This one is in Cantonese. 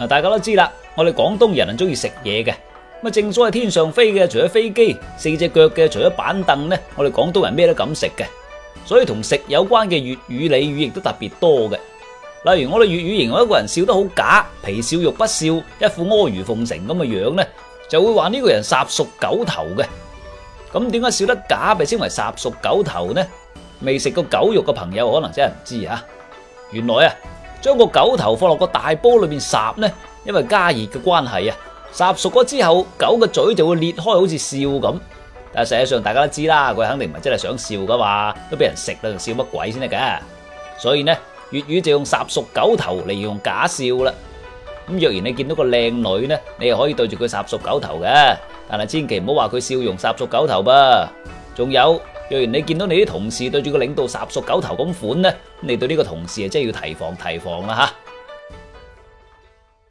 嗱，大家都知啦，我哋廣東人係中意食嘢嘅。咁正所謂天上飛嘅除咗飛機，四隻腳嘅除咗板凳呢，我哋廣東人咩都敢食嘅。所以同食有關嘅粵語俚語亦都特別多嘅。例如我哋粵語形容一個人笑得好假，皮笑肉不笑，一副阿諛奉承咁嘅樣呢，就會話呢個人烚熟狗頭嘅。咁點解笑得假被稱為烚熟狗頭呢？未食過狗肉嘅朋友可能真係唔知啊。原來啊～將個狗頭放落個大煲裏面烚呢，因為加熱嘅關係啊，烚熟咗之後，狗嘅嘴就會裂開，好似笑咁。但係實際上大家都知啦，佢肯定唔係真係想笑噶嘛，都俾人食啦，笑乜鬼先得噶。所以呢，粵語就用烚熟狗頭嚟用假笑啦。咁若然你見到個靚女呢，你又可以對住佢烚熟狗頭嘅，但係千祈唔好話佢笑容烚熟狗頭噃。仲有。若然你見到你啲同事對住個領導烚熟狗頭咁款呢，你對呢個同事啊，真係要提防提防啦嚇！